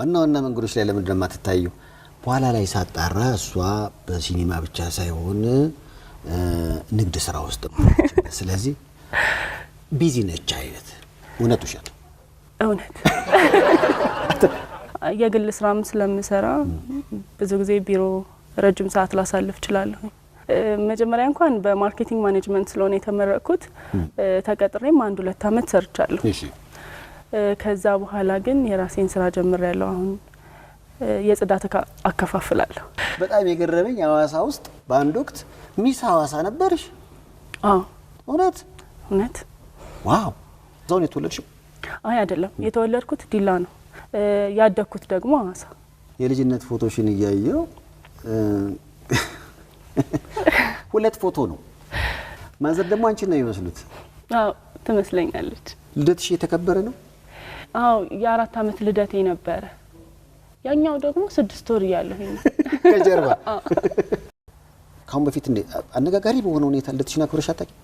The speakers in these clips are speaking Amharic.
ዋና ዋና መንገዶች ላይ ለምንድን ነው የማትታየው? በኋላ ላይ ሳጣራ እሷ በሲኒማ ብቻ ሳይሆን ንግድ ስራ ውስጥ ስለዚህ ቢዚ ነች አይነት እውነት ውሸት? እውነት የግል ስራም ስለምሰራ ብዙ ጊዜ ቢሮ ረጅም ሰዓት ላሳልፍ እችላለሁ። መጀመሪያ እንኳን በማርኬቲንግ ማኔጅመንት ስለሆነ የተመረቅኩት ተቀጥሬም አንድ ሁለት አመት ሰርቻለሁ። ከዛ በኋላ ግን የራሴን ስራ ጀምር ያለው አሁን የጽዳት አከፋፍላለሁ። በጣም የገረመኝ ሀዋሳ ውስጥ በአንድ ወቅት ሚስ ሀዋሳ ነበርሽ? አዎ። እውነት እውነት? ዋው። እዛው የተወለድሽ? አይ አይደለም፣ የተወለድኩት ዲላ ነው፣ ያደግኩት ደግሞ ሀዋሳ። የልጅነት ፎቶሽን እያየው ሁለት ፎቶ ነው ማዘር ደግሞ አንቺን ነው የሚመስሉት? አዎ ትመስለኛለች። ልደትሽ የተከበረ ነው? አዎ የአራት አመት ልደቴ ነበረ። ያኛው ደግሞ ስድስት ወር እያለሁ ከጀርባ ከአሁን በፊት እንዴ አነጋጋሪ በሆነ ሁኔታ ልደትሽን አክብረሽ አታውቂም?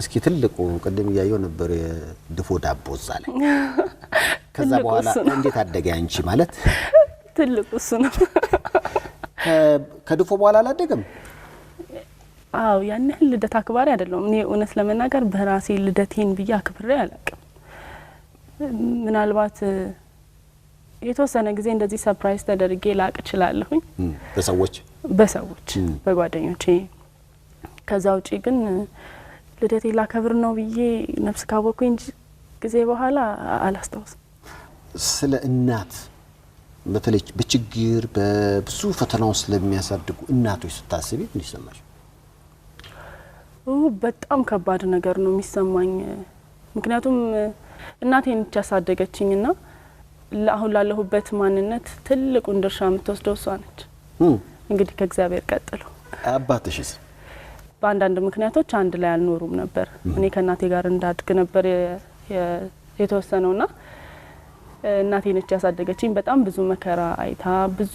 እስኪ ትልቁ ቅድም እያየው ነበር የድፎ ዳቦ እዛ ላይ። ከዛ በኋላ እንዴት አደገ አንቺ ማለት ትልቁ እሱ ነው። ከድፎ በኋላ አላደገም? አዎ ያን ያህል ልደት አክባሪ አይደለሁም እኔ እውነት ለመናገር በራሴ ልደቴን ብዬ አክብሬ አላውቅም። ምናልባት የተወሰነ ጊዜ እንደዚህ ሰርፕራይዝ ተደርጌ ላቅ እችላለሁኝ በሰዎች በሰዎች በጓደኞቼ። ከዛ ውጪ ግን ልደቴ ላከብር ነው ብዬ ነፍስ ካወቅኩኝ ጊዜ በኋላ አላስታውስም። ስለ እናት በተለይ በችግር በብዙ ፈተናውን ስለሚያሳድጉ እናቶች ስታስቢ ምን ይሰማሽ? በጣም ከባድ ነገር ነው የሚሰማኝ ምክንያቱም እናቴ ነች ያሳደገችኝና አሁን ላለሁበት ማንነት ትልቁን ድርሻ የምትወስደው እሷ ነች። እንግዲህ ከእግዚአብሔር ቀጥሎ አባትሽስ? በአንዳንድ ምክንያቶች አንድ ላይ አልኖሩም ነበር። እኔ ከእናቴ ጋር እንዳድግ ነበር የተወሰነውና እናቴ ነች ያሳደገችኝ። በጣም ብዙ መከራ አይታ ብዙ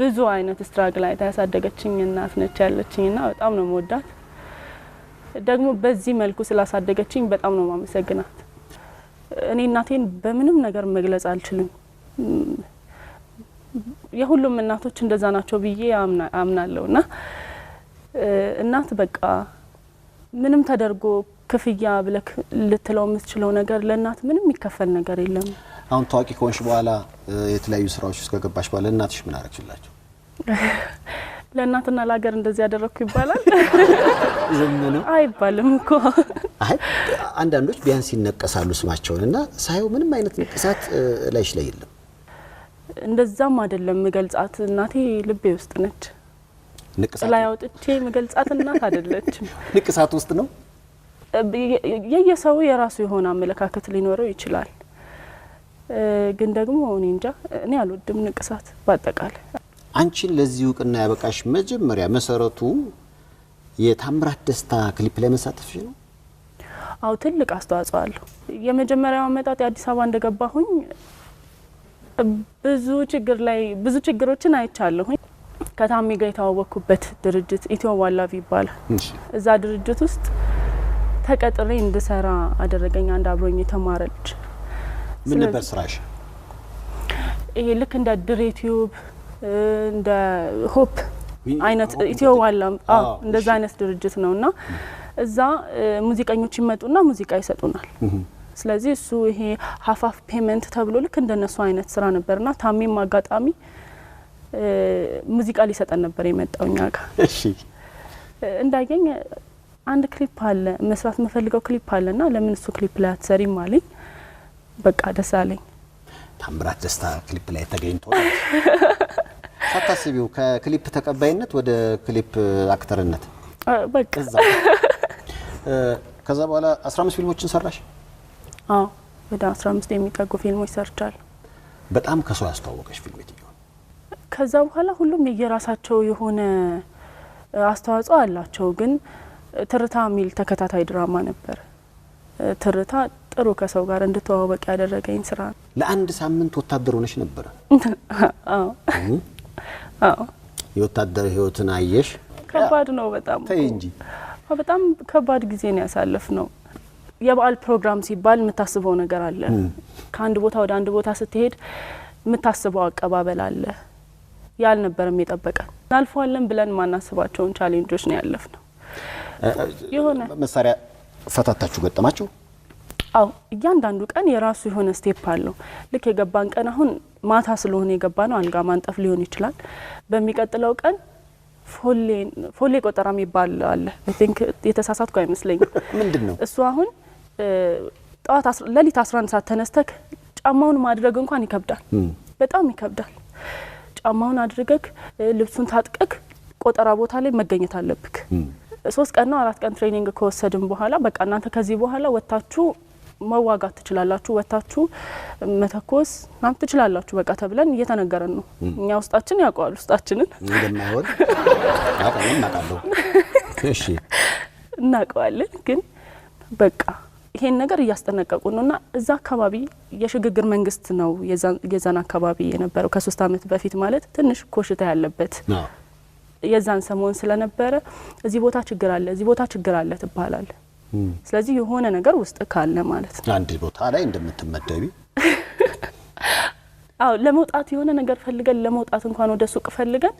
ብዙ አይነት ስትራግል አይታ ያሳደገችኝ እናት ነች ያለችኝና በጣም ነው መወዳት ደግሞ በዚህ መልኩ ስላሳደገችኝ በጣም ነው ማመሰግናት። እኔ እናቴን በምንም ነገር መግለጽ አልችልም። የሁሉም እናቶች እንደዛ ናቸው ብዬ አምናለሁ። እና እናት በቃ ምንም ተደርጎ ክፍያ ብለክ ልትለው የምትችለው ነገር ለእናት ምንም የሚከፈል ነገር የለም። አሁን ታዋቂ ከሆንሽ በኋላ የተለያዩ ስራዎች ውስጥ ከገባሽ በኋላ እናትሽ ምን አረግችላቸው? ለእናትና ለሀገር እንደዚህ ያደረግኩ ይባላል? ዝም ነው አይባልም እኮ። አይ አንዳንዶች ቢያንስ ይነቀሳሉ ስማቸውን እና ሳየው ምንም አይነት ንቅሳት ላይሽ ላይ የለም። እንደዛም አይደለም ምገልጻት፣ እናቴ ልቤ ውስጥ ነች። ንቅሳት ላይ አውጥቼ ምገልጻት እናት አይደለች። ንቅሳት ውስጥ ነው። የየሰው የራሱ የሆነ አመለካከት ሊኖረው ይችላል። ግን ደግሞ እኔ እንጃ እኔ አልወድም ንቅሳት። በአጠቃላይ አንቺን ለዚህ እውቅና ያበቃሽ መጀመሪያ መሰረቱ የታምራት ደስታ ክሊፕ ላይ መሳተፍሽ ነው። አው ትልቅ አስተዋጽኦ አለሁ። የመጀመሪያው አመጣጥ የአዲስ አበባ እንደገባሁኝ ብዙ ችግር ላይ ብዙ ችግሮችን አይቻለሁኝ። ከታሚ ጋር የተዋወቅኩበት ድርጅት ኢትዮ ዋላቪ ይባላል። እዛ ድርጅት ውስጥ ተቀጥሬ እንድሰራ አደረገኝ አንድ አብሮኝ የተማረ ልጅ። ምን ነበር ስራሽ? ይሄ ልክ እንደ ድሬ ቲዩብ እንደ ሆፕ አይነት ኢትዮ እንደዛ አይነት ድርጅት ነው እና እዛ ሙዚቀኞች ይመጡና ሙዚቃ ይሰጡናል። ስለዚህ እሱ ይሄ ሀፋፍ ፔመንት ተብሎ ልክ እንደነሱ አይነት ስራ ነበርና ታሜም አጋጣሚ ሙዚቃ ሊሰጠን ነበር የመጣው እኛ እንዳየኝ አንድ ክሊፕ አለ መስራት የምፈልገው ክሊፕ አለና ለምን እሱ ክሊፕ ላይ አትሰሪም አለኝ። በቃ ደስ አለኝ። ታምራት ደስታ ክሊፕ ላይ ተገኝቶ ሳታስቢው ከክሊፕ ተቀባይነት ወደ ክሊፕ አክተርነት በቃ ከዛ በኋላ 15 ፊልሞችን ሰራሽ? አዎ ወደ 15 የሚጠጉ ፊልሞች ሰርቻለሁ። በጣም ከሰው ያስተዋወቀሽ ፊልም የትኛው? ከዛ በኋላ ሁሉም የየራሳቸው የሆነ አስተዋጽኦ አላቸው። ግን ትርታ የሚል ተከታታይ ድራማ ነበር። ትርታ ጥሩ ከሰው ጋር እንድተዋወቅ ያደረገኝ ስራ ነው። ለአንድ ሳምንት ወታደር ሆነሽ ነበረ? አዎ የወታደር ህይወትን አየሽ? ከባድ ነው በጣም ተይ እንጂ በጣም ከባድ ጊዜ ነው ያሳለፍ ነው። የበዓል ፕሮግራም ሲባል የምታስበው ነገር አለ። ከአንድ ቦታ ወደ አንድ ቦታ ስትሄድ የምታስበው አቀባበል አለ። ያልነበረም የጠበቀ እናልፈዋለን ብለን ማናስባቸውን ቻሌንጆች ነው ያለፍ ነው። የሆነ መሳሪያ ፈታታችሁ ገጠማችሁ አዎ እያንዳንዱ ቀን የራሱ የሆነ ስቴፕ አለው። ልክ የገባን ቀን አሁን ማታ ስለሆነ የገባ ነው አልጋ ማንጠፍ ሊሆን ይችላል። በሚቀጥለው ቀን ፎሌ ቆጠራ የሚባል አለ። ቲንክ የተሳሳትኩ አይመስለኝም። ምንድን ነው እሱ? አሁን ጠዋት ሌሊት 11 ሰዓት ተነስተክ ጫማውን ማድረግ እንኳን ይከብዳል፣ በጣም ይከብዳል። ጫማውን አድርገክ ልብሱን ታጥቀክ ቆጠራ ቦታ ላይ መገኘት አለብክ። ሶስት ቀን ነው አራት ቀን ትሬኒንግ ከወሰድን በኋላ በቃ እናንተ ከዚህ በኋላ ወጥታችሁ መዋጋት ትችላላችሁ፣ ወታችሁ መተኮስ ናም ትችላላችሁ በቃ ተብለን እየተነገረን ነው። እኛ ውስጣችን ያውቀዋል ውስጣችንን እንደማይሆን አውቃለሁ፣ እሺ እናውቀዋለን። ግን በቃ ይሄን ነገር እያስጠነቀቁ ነው እና እዛ አካባቢ የሽግግር መንግስት ነው የዛን አካባቢ የነበረው ከሶስት አመት በፊት ማለት ትንሽ ኮሽታ ያለበት የዛን ሰሞን ስለነበረ እዚህ ቦታ ችግር አለ፣ እዚህ ቦታ ችግር አለ ትባላል። ስለዚህ የሆነ ነገር ውስጥ ካለ ማለት ነው አንድ ቦታ ላይ እንደምትመደቢ አዎ ለመውጣት የሆነ ነገር ፈልገን ለመውጣት እንኳን ወደ ሱቅ ፈልገን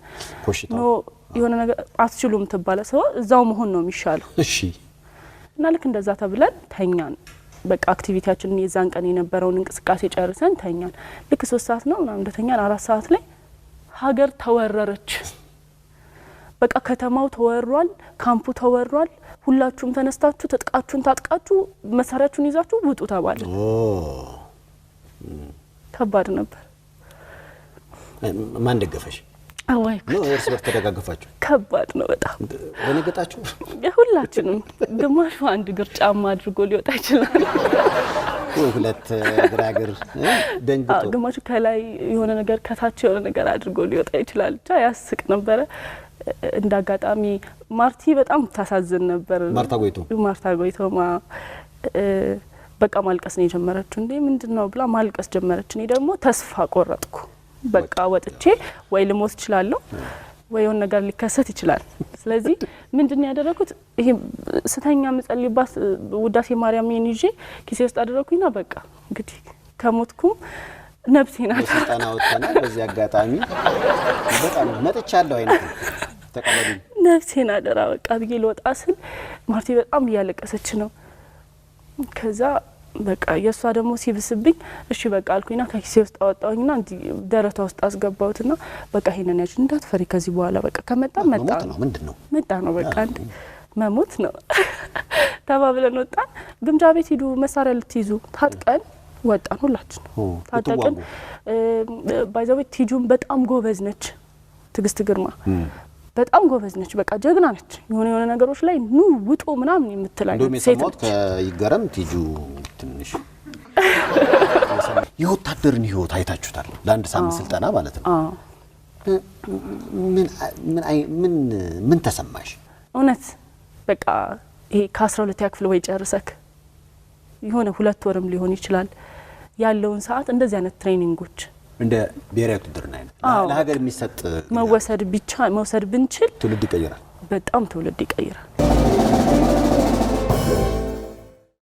ኖ የሆነ ነገር አትችሉም ትባለ ሰው እዛው መሆን ነው የሚሻለው። እሺ እና ልክ እንደዛ ተብለን ተኛን። በቃ አክቲቪቲያችንን የዛን ቀን የነበረውን እንቅስቃሴ ጨርሰን ተኛን። ልክ ሶስት ሰዓት ነው ምናምን እንደተኛን አራት ሰዓት ላይ ሀገር ተወረረች። በቃ ከተማው ተወሯል፣ ካምፑ ተወሯል፣ ሁላችሁም ተነስታችሁ ትጥቃችሁን ታጥቃችሁ መሳሪያችሁን ይዛችሁ ውጡ ተባለ። ከባድ ነበር። ማን ደገፈሽ? አዋይ እርስ በርስ ተደጋገፋችሁ? ከባድ ነው በጣም ደነገጣችሁ? ሁላችንም ግማሹ አንድ እግር ጫማ አድርጎ ሊወጣ ይችላል ሁለት ግራግር ደንግጦ ግማሹ ከላይ የሆነ ነገር ከታች የሆነ ነገር አድርጎ ሊወጣ ይችላል። ብቻ ያስቅ ነበረ። እንዳጋጣሚ ማርቲ በጣም ታሳዝን ነበር። ማርታ ጎይቶ ማርታ ጎይቶ በቃ ማልቀስ ነው የጀመረችው። እንዴ ምንድን ነው ብላ ማልቀስ ጀመረች። እኔ ደግሞ ተስፋ ቆረጥኩ። በቃ ወጥቼ ወይ ልሞት እችላለሁ ወይ የሆነ ነገር ሊከሰት ይችላል። ስለዚህ ምንድን ነው ያደረኩት? ይሄ ስተኛ ምጸልይባት ውዳሴ ማርያም ይህን ይዤ ኪሴ ውስጥ አደረኩኝና በቃ እንግዲህ ከሞትኩም ነብሴ ናት። በዚህ አጋጣሚ በጣም መጥቻለሁ አይነት ተቀበሉኝ፣ ነፍሴን አደራ በቃ ብዬ ልወጣ ስል ማርቲ በጣም እያለቀሰች ነው። ከዛ በቃ የእሷ ደግሞ ሲብስብኝ እሺ በቃ አልኩኝና ከኪሴ ውስጥ አወጣሁኝና ደረቷ ውስጥ አስገባሁትና በቃ ይሄንን ያች እንዳትፈሪ ከዚህ በኋላ በቃ ከመጣ መጣ ነው ምንድን ነው መጣ ነው በቃ እንዲ መሞት ነው ተባብለን ወጣን። ግምጃ ቤት ሂዱ መሳሪያ ልትይዙ ታጥቀን ወጣን። ሁላችን ታጠቅን። ባይዛቤት ቲጁም በጣም ጎበዝ ነች ትግስት ግርማ በጣም ጎበዝ ነች፣ በቃ ጀግና ነች። የሆነ የሆነ ነገሮች ላይ ኑ ውጡ ምናምን የምትል ሴት ነች። ከይገረም ቲጁ ትንሽ የወታደርን ህይወት አይታችሁታል። ለአንድ ሳምንት ስልጠና ማለት ነው። ምን ተሰማሽ? እውነት በቃ ይሄ ከአስራ ሁለት ያክፍል ወይ ጨርሰክ የሆነ ሁለት ወርም ሊሆን ይችላል ያለውን ሰዓት እንደዚህ አይነት ትሬኒንጎች እንደ ብሔራዊ ውትድርና አይነት ለሀገር የሚሰጥ መወሰድ ብቻ መውሰድ ብንችል ትውልድ ይቀይራል። በጣም ትውልድ ይቀይራል።